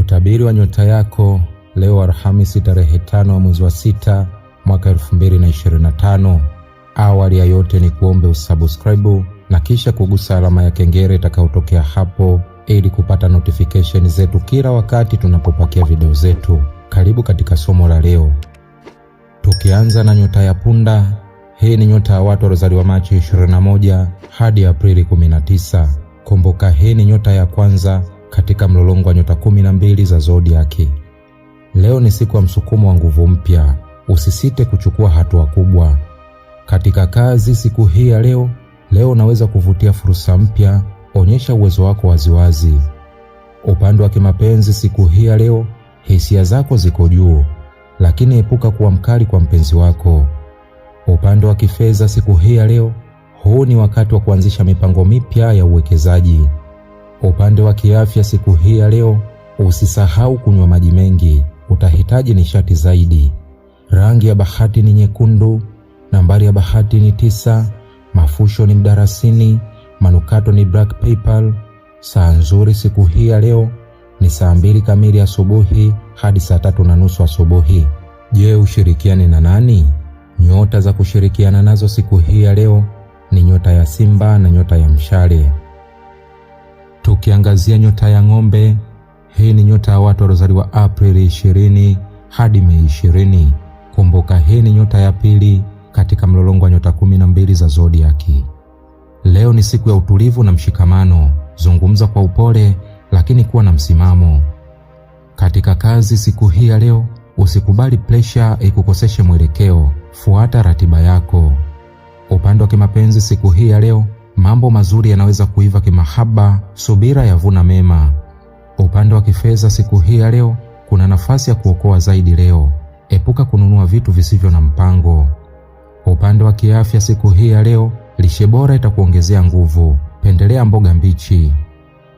Utabiri wa nyota yako leo Alhamisi tarehe tano ya mwezi wa sita mwaka tano. Awali ya yote ni kuombe usubscribe na kisha kugusa alama ya kengele itakayotokea hapo ili kupata notification zetu kila wakati tunapopakia video zetu. Karibu katika somo la leo, tukianza na nyota ya punda. Hii ni nyota ya watu waliozaliwa Machi 21 hadi Aprili 19. Kumbuka, hii ni nyota ya kwanza katika mlolongo wa nyota kumi na mbili za zodiaki. Leo ni siku ya msukumo wa nguvu mpya. Usisite kuchukua hatua kubwa katika kazi siku hii ya leo. Leo unaweza kuvutia fursa mpya, onyesha uwezo wako waziwazi. Upande wa kimapenzi siku hii ya leo, hisia zako ziko juu, lakini epuka kuwa mkali kwa mpenzi wako. Upande wa kifedha siku hii ya leo, huu ni wakati wa kuanzisha mipango mipya ya uwekezaji. Upande wa kiafya siku hii ya leo, usisahau kunywa maji mengi, utahitaji nishati zaidi. Rangi ya bahati ni nyekundu. Nambari ya bahati ni tisa. Mafusho ni mdarasini. Manukato ni black pepper. Saa nzuri siku hii ya leo ni saa mbili kamili asubuhi hadi saa tatu na nusu asubuhi. Je, ushirikiane na nani? Nyota za kushirikiana nazo siku hii ya leo ni nyota ya Simba na nyota ya Mshale tukiangazia nyota ya ng'ombe. Hii ni nyota ya watu waliozaliwa Aprili 20 hadi Mei 20. Kumbuka, hii ni nyota ya pili katika mlolongo wa nyota mbili za zodiaki. Leo ni siku ya utulivu na mshikamano. Zungumza kwa upole, lakini kuwa na msimamo katika kazi. Siku hii ya leo, usikubali presha ikukoseshe mwelekeo. Fuata ratiba yako. Upande wa kimapenzi, siku hii ya leo Mambo mazuri yanaweza kuiva kimahaba, subira yavuna mema. Upande wa kifedha siku hii ya leo, kuna nafasi ya kuokoa zaidi leo. Epuka kununua vitu visivyo na mpango. Upande wa kiafya siku hii ya leo, lishe bora itakuongezea nguvu. Pendelea mboga mbichi.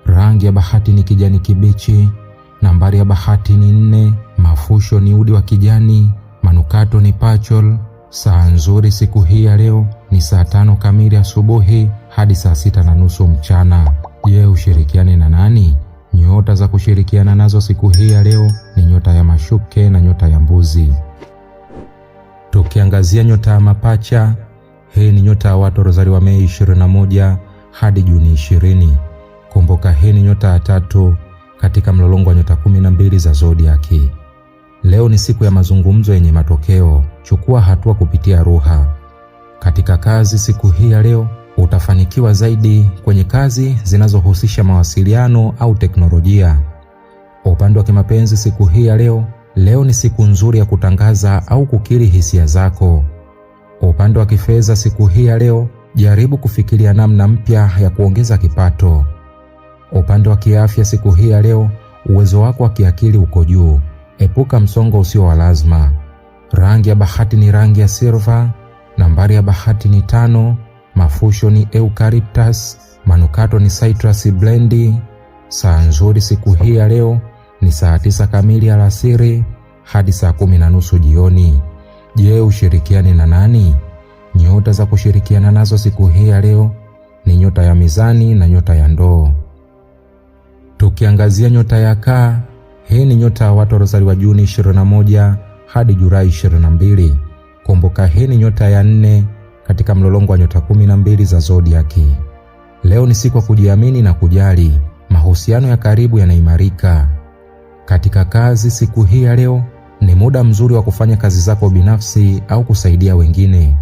Rangi ya bahati ni kijani kibichi. Nambari ya bahati ni nne. Mafusho ni udi wa kijani. Manukato ni pachol. Saa nzuri siku hii ya leo ni saa tano kamili asubuhi hadi saa sita na nusu mchana. Je, ushirikiane na nani? Nyota za kushirikiana nazo siku hii ya leo ni nyota ya mashuke na nyota ya mbuzi. Tukiangazia nyota ya mapacha, hii ni nyota ya watu waliozaliwa Mei 21 hadi Juni 20. Kumbuka, hii ni nyota ya tatu katika mlolongo wa nyota 12 za zodiaki. Leo ni siku ya mazungumzo yenye matokeo. Chukua hatua kupitia ruha katika kazi siku hii ya leo utafanikiwa zaidi kwenye kazi zinazohusisha mawasiliano au teknolojia. Upande wa kimapenzi siku hii ya leo, leo ni siku nzuri ya kutangaza au kukiri hisia zako. Upande wa kifedha siku hii ya leo, jaribu kufikiria namna mpya ya kuongeza kipato. Upande wa kiafya siku hii ya leo, uwezo wako wa kiakili uko juu. Epuka msongo usio wa lazima. Rangi ya bahati ni rangi ya silver. Nambari ya bahati ni tano. Mafusho ni eucalyptus, manukato ni citrus blendi. Saa nzuri siku hii ya leo ni saa tisa kamili alasiri hadi saa kumi na nusu jioni. Je, ushirikiane na nani? Nyota za kushirikiana nazo siku hii ya leo ni nyota ya mizani na nyota ya ndoo. Tukiangazia nyota ya kaa, hii ni nyota ya watu waliozaliwa Juni 21 hadi Julai 22. Kumbuka hii ni nyota ya nne katika mlolongo wa nyota kumi na mbili za zodiaki. Leo ni siku ya kujiamini na kujali. Mahusiano ya karibu yanaimarika. Katika kazi siku hii ya leo ni muda mzuri wa kufanya kazi zako binafsi au kusaidia wengine.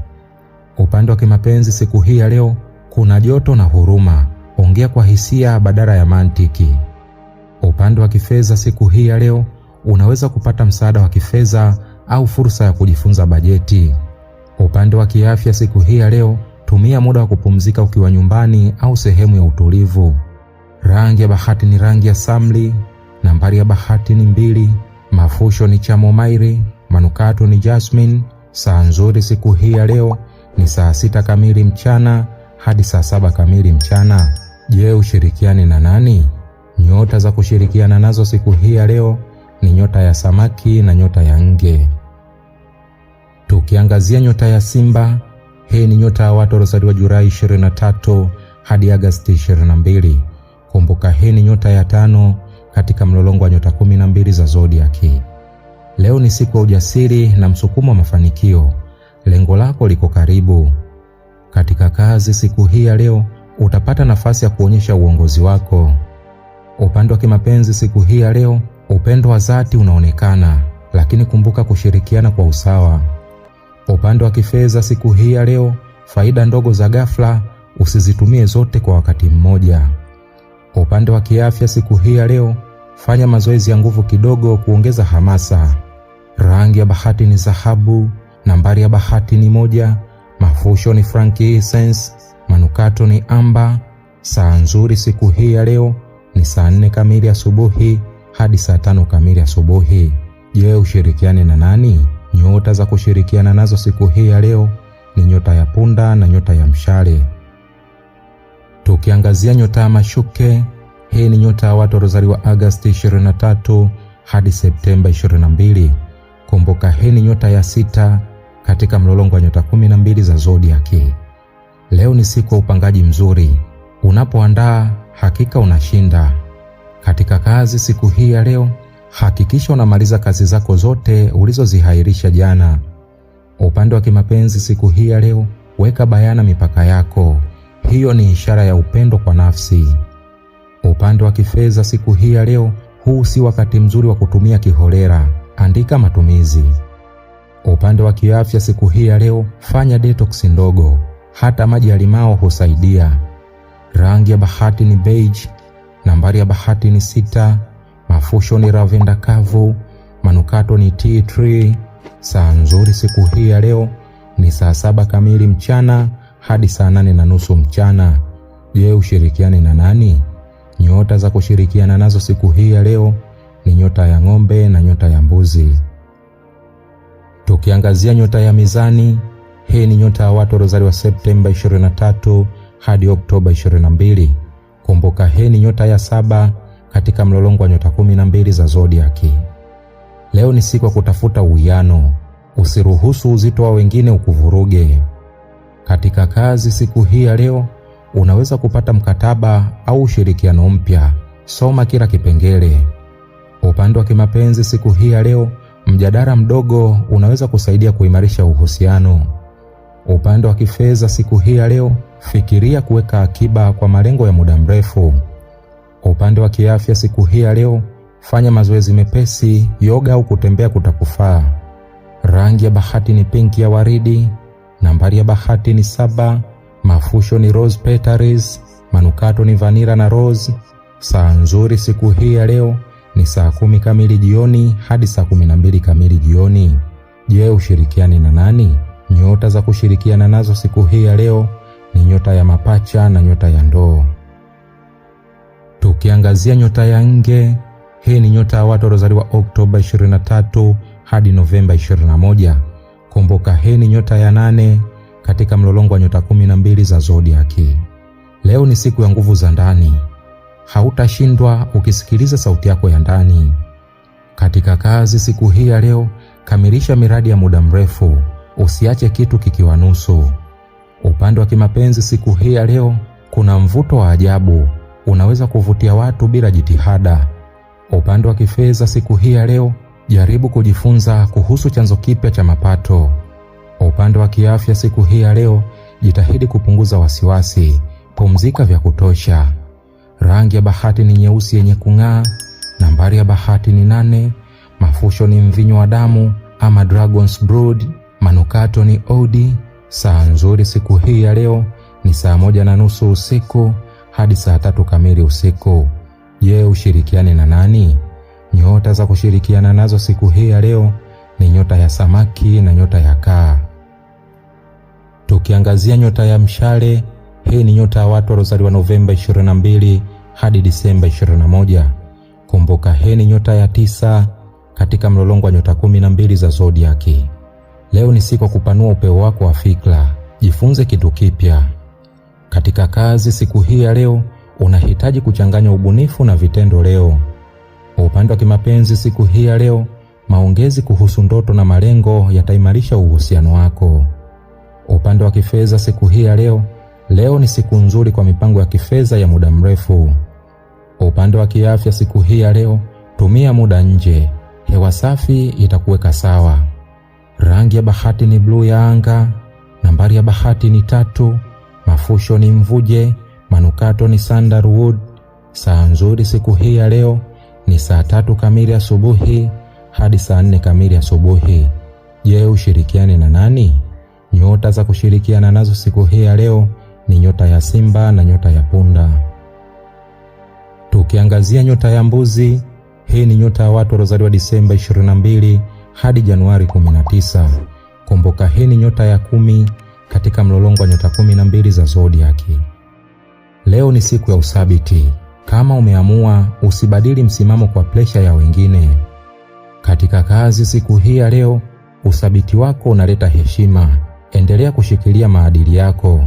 Upande wa kimapenzi siku hii ya leo kuna joto na huruma. Ongea kwa hisia badala ya mantiki. Upande wa kifedha siku hii ya leo unaweza kupata msaada wa kifedha au fursa ya kujifunza bajeti. Upande wa kiafya siku hii ya leo, tumia muda wa kupumzika ukiwa nyumbani au sehemu ya utulivu. Rangi ya bahati ni rangi ya samli. Nambari ya bahati ni mbili. Mafusho ni chamomairi. Manukato ni jasmine. Saa nzuri siku hii ya leo ni saa sita kamili mchana hadi saa saba kamili mchana. Je, ushirikiane na nani? Nyota za kushirikiana nazo siku hii ya leo ni nyota ya samaki na nyota ya nge. Tukiangazia nyota ya Simba, hii ni nyota ya watu waliozaliwa Julai 23 hadi Agosti 22. Kumbuka, hii ni nyota ya tano katika mlolongo wa nyota 12 za zodiaki. Leo ni siku ya ujasiri na msukumo wa mafanikio. Lengo lako liko karibu. Katika kazi siku hii ya leo, utapata nafasi ya kuonyesha uongozi wako. Upande wa kimapenzi siku hii ya leo, upendo wa dhati unaonekana, lakini kumbuka kushirikiana kwa usawa. Kwa upande wa kifedha siku hii ya leo, faida ndogo za ghafla usizitumie zote kwa wakati mmoja. Kwa upande wa kiafya siku hii ya leo, fanya mazoezi ya nguvu kidogo kuongeza hamasa. Rangi ya bahati ni dhahabu, nambari ya bahati ni moja, mafusho ni frankincense, manukato ni amba. Saa nzuri siku hii ya leo ni saa nne kamili asubuhi hadi saa tano kamili asubuhi. Je, ushirikiane na nani? Nyota za kushirikiana nazo siku hii ya leo ni nyota ya punda na nyota ya mshale. Tukiangazia nyota ya mashuke, hii ni nyota ya watu waliozaliwa Agosti 23 hadi Septemba 22. Kumbuka, hii ni nyota ya sita katika mlolongo wa nyota 12 za zodiaki. Leo ni siku ya upangaji mzuri, unapoandaa hakika unashinda. Katika kazi siku hii ya leo hakikisha unamaliza kazi zako zote ulizozihairisha jana. Upande wa kimapenzi siku hii ya leo, weka bayana mipaka yako, hiyo ni ishara ya upendo kwa nafsi. Upande wa kifedha siku hii ya leo, huu si wakati mzuri wa kutumia kiholera, andika matumizi. Upande wa kiafya siku hii ya leo, fanya detox ndogo, hata maji ya limao husaidia. Rangi ya bahati ni beige. Nambari ya bahati ni sita mafusho ni ravenda kavu, manukato ni tea tree. Saa nzuri siku hii ya leo ni saa saba kamili mchana hadi saa nane na nusu mchana. Je, ushirikiane na nani? Nyota za kushirikiana nazo siku hii ya leo ni nyota ya ng'ombe na nyota ya mbuzi. Tukiangazia nyota ya mizani, hii ni nyota ya watu waliozaliwa Septemba 23 hadi Oktoba 22. Kumbuka, hii ni nyota ya saba katika mlolongo wa nyota kumi na mbili za zodiaki. Leo ni siku ya kutafuta uwiano, usiruhusu uzito wa wengine ukuvuruge. Katika kazi siku hii ya leo, unaweza kupata mkataba au ushirikiano mpya. Soma kila kipengele. Upande wa kimapenzi siku hii ya leo, mjadala mdogo unaweza kusaidia kuimarisha uhusiano. Upande wa kifedha siku hii ya leo, fikiria kuweka akiba kwa malengo ya muda mrefu. Kwa upande wa kiafya siku hii ya leo, fanya mazoezi mepesi, yoga au kutembea kutakufaa. Rangi ya bahati ni pinki ya waridi. Nambari ya bahati ni saba. Mafusho ni rose petals. Manukato ni vanira na rose. Saa nzuri siku hii ya leo ni saa kumi kamili jioni hadi saa kumi na mbili kamili jioni. Je, ushirikiani na nani? Nyota za kushirikiana nazo siku hii ya leo ni nyota ya mapacha na nyota ya ndoo tukiangazia nyota ya nge. Hii ni nyota ya watu waliozaliwa Oktoba 23 hadi Novemba 21. Kumbuka, hii ni nyota ya nane katika mlolongo wa nyota 12 za zodiaki. Leo ni siku ya nguvu za ndani, hautashindwa ukisikiliza sauti yako ya ndani. Katika kazi siku hii ya leo, kamilisha miradi ya muda mrefu, usiache kitu kikiwa nusu. Upande wa kimapenzi siku hii ya leo, kuna mvuto wa ajabu unaweza kuvutia watu bila jitihada. Upande wa kifedha siku hii ya leo, jaribu kujifunza kuhusu chanzo kipya cha mapato. Upande wa kiafya siku hii ya leo, jitahidi kupunguza wasiwasi, pumzika vya kutosha. Rangi ya bahati ni nyeusi yenye kung'aa. Nambari ya bahati ni nane. Mafusho ni mvinyo wa damu ama Dragon's Blood. Manukato ni odi. Saa nzuri siku hii ya leo ni saa moja na nusu usiku hadi saa tatu kamili usiku. Je, ushirikiane na nani? Nyota za kushirikiana nazo siku hii ya leo ni nyota ya samaki na nyota ya kaa. Tukiangazia nyota ya mshale, hii ni nyota ya watu waliozaliwa Novemba 22 hadi Disemba 21. Kumbuka, hii ni nyota ya tisa katika mlolongo wa nyota kumi na mbili za zodiaki. Leo ni siku ya kupanua upeo wako wa fikra, jifunze kitu kipya. Katika kazi siku hii ya leo unahitaji kuchanganya ubunifu na vitendo leo. Upande wa kimapenzi siku hii ya leo, maongezi kuhusu ndoto na malengo yataimarisha uhusiano wako. Upande wa kifedha siku hii ya leo, leo ni siku nzuri kwa mipango ya kifedha ya muda mrefu. Upande wa kiafya siku hii ya leo, tumia muda nje, hewa safi itakuweka sawa. Rangi ya bahati ni bluu ya anga. Nambari ya bahati ni tatu mafusho ni mvuje, manukato ni sandalwood. Saa nzuri siku hii ya leo ni saa tatu kamili asubuhi hadi saa nne kamili asubuhi. Je, ushirikiane na nani? Nyota za kushirikiana nazo siku hii ya leo ni nyota ya Simba na nyota ya Punda. Tukiangazia nyota ya Mbuzi, hii ni nyota ya watu waliozaliwa Disemba 22 hadi Januari 19. Kumbuka, hii ni nyota ya kumi katika mlolongo wa nyota kumi na mbili za zodiaki. Leo ni siku ya usabiti. Kama umeamua, usibadili msimamo kwa presha ya wengine. Katika kazi siku hii ya leo, usabiti wako unaleta heshima. Endelea kushikilia maadili yako.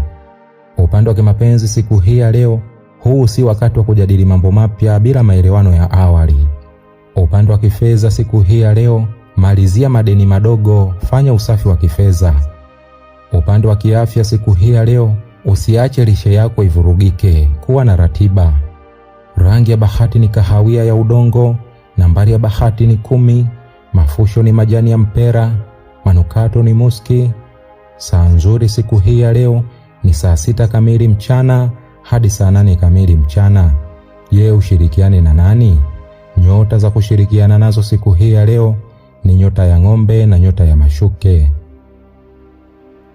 Upande wa kimapenzi siku hii ya leo, huu si wakati wa kujadili mambo mapya bila maelewano ya awali. Upande wa kifedha siku hii ya leo, malizia madeni madogo, fanya usafi wa kifedha. Upande wa kiafya siku hii ya leo, usiache lishe yako ivurugike. Kuwa na ratiba. Rangi ya bahati ni kahawia ya udongo. Nambari ya bahati ni kumi. Mafusho ni majani ya mpera. Manukato ni muski. Saa nzuri siku hii ya leo ni saa sita kamili mchana hadi saa nane kamili mchana. Je, ushirikiane na nani? Nyota za kushirikiana nazo siku hii ya leo ni nyota ya ng'ombe na nyota ya mashuke.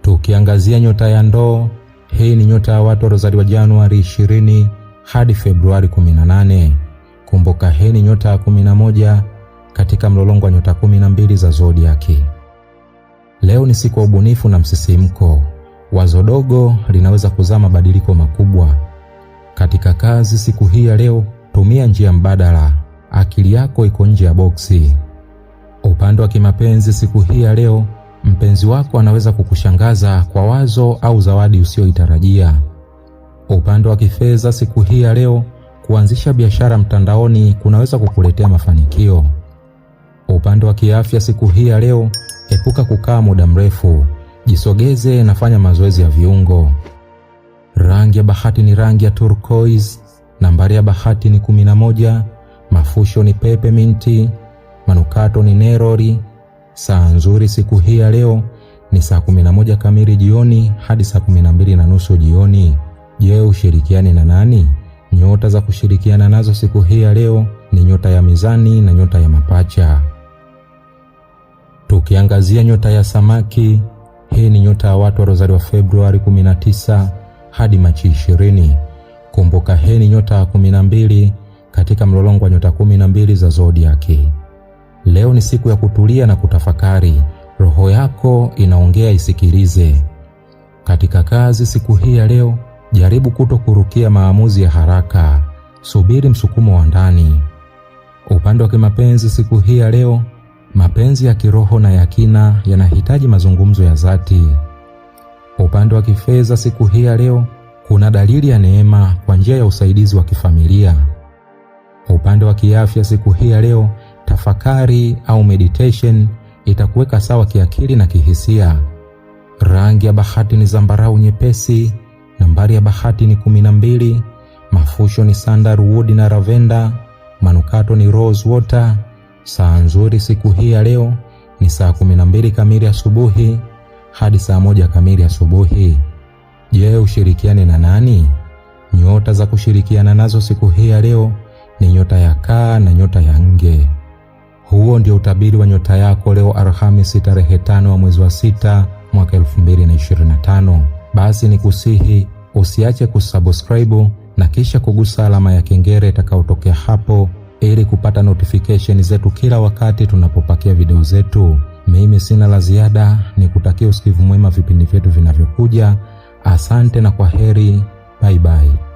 Tukiangazia nyota ya ndoo, hii ni nyota ya watu waliozaliwa Januari 20 hadi Februari 18. Kumbuka, hii ni nyota ya 11 katika mlolongo wa nyota 12 za zodiaki. Leo ni siku ya ubunifu na msisimko. Wazo dogo linaweza kuzaa mabadiliko makubwa katika kazi. Siku hii ya leo, tumia njia mbadala, akili yako iko nje ya boksi. Upande wa kimapenzi, siku hii ya leo Mpenzi wako anaweza kukushangaza kwa wazo au zawadi usiyoitarajia. Upande wa kifedha, siku hii ya leo, kuanzisha biashara mtandaoni kunaweza kukuletea mafanikio. Upande wa kiafya, siku hii ya leo, epuka kukaa muda mrefu, jisogeze na fanya mazoezi ya viungo. Rangi ya bahati ni rangi ya turquoise. Nambari ya bahati ni kumi na moja. Mafusho ni pepe minti. Manukato ni neroli. Saa nzuri siku hii ya leo ni saa 11 kamili jioni hadi saa 12 na nusu jioni. Je, ushirikiane na nani? Nyota za kushirikiana nazo siku hii ya leo ni nyota ya mizani na nyota ya mapacha. Tukiangazia nyota ya samaki, hii ni nyota ya watu waliozaliwa Februari 19 hadi Machi 20. Kumbuka, hii ni nyota ya 12 katika mlolongo wa nyota 12 za zodiaki. Leo ni siku ya kutulia na kutafakari. Roho yako inaongea, isikilize. Katika kazi siku hii ya leo, jaribu kuto kurukia maamuzi ya haraka, subiri msukumo wa ndani. Upande wa kimapenzi siku hii ya leo, mapenzi ya kiroho na ya kina yanahitaji mazungumzo ya dhati. Upande wa kifedha siku hii ya leo, kuna dalili ya neema kwa njia ya usaidizi wa kifamilia. Upande wa kiafya siku hii ya leo tafakari au meditation itakuweka sawa kiakili na kihisia. Rangi ya bahati ni zambarau nyepesi. Nambari ya bahati ni kumi na mbili. Mafusho ni sandalwood na lavender. Manukato ni rose water. Saa nzuri siku hii ya leo ni saa mbili kamili asubuhi hadi saa moja kamili asubuhi. Je, ushirikiane na nani? Nyota za kushirikiana nazo siku hii ya leo ni nyota ya kaa na nyota ya nge. Huo ndio utabiri wa nyota yako leo Alhamisi tarehe tano wa mwezi wa sita mwaka 2025. Basi ni kusihi usiache kusubscribe na kisha kugusa alama ya kengele itakayotokea hapo ili kupata notification zetu kila wakati tunapopakia video zetu. Mimi sina la ziada, ni kutakia usikivu mwema vipindi vyetu vinavyokuja. Asante na kwa heri, bye bye.